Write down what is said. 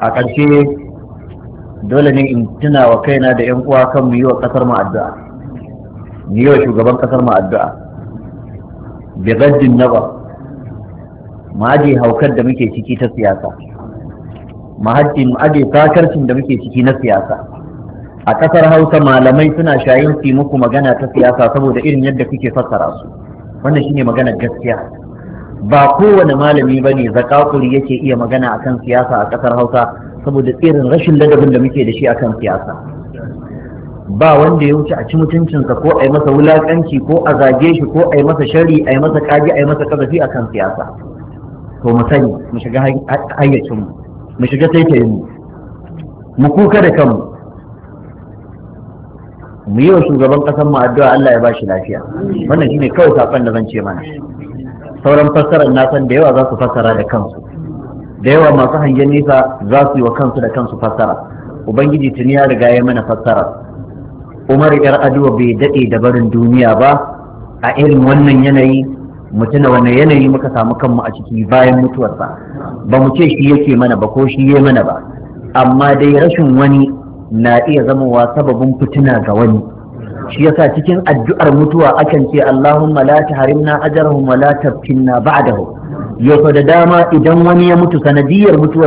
a ƙarshe dole ne in tuna wa kaina da 'yan uwa kan mu yi wa ƙasar mu addu'a mu yi wa shugaban ƙasar mu addu'a bi gaddin naba mu aje haukar da muke ciki ta siyasa mu aje sakarcin da muke ciki na siyasa a ƙasar hausa malamai suna shayin fi muku magana ta siyasa saboda irin yadda kuke fassara su wannan shine maganar gaskiya ba kowane malami ba ne zakakuri yake iya magana akan siyasa a ƙasar hausa saboda tsirin rashin ladabin da muke da shi akan siyasa ba wanda ya wuce a ci mutuncinsa ko a yi masa wulaƙanci ko a zage shi ko a yi masa shari a yi masa kaji a yi masa kazafi akan siyasa to mu sani mu shiga hayyacinmu mu shiga taitayinmu mu kuka da kanmu mu yi wa shugaban ƙasar mu addu'a Allah ya ba shi lafiya wannan shine kawai saƙon da zan ce mana sauran fassarar na san da yawa za su fassara da kansu da yawa masu hangen nisa za su yi wa kansu da kansu fassara ubangiji tuni ya riga ya mana fassara umar yar aduwa bai daɗe da barin duniya ba a irin wannan yanayi mutuna tuna wannan yanayi muka samu kanmu a ciki bayan mutuwarsa ba mu ce shi yake mana ba ko shi ya mana ba amma dai rashin wani na iya zamowa sababin fitina ga wani shi yasa cikin addu'ar mutuwa akan ce Allahumma la tahrimna ajrahum wa la tabtinna ba'dahu yau da dama idan wani ya mutu sanadiyar mutuwar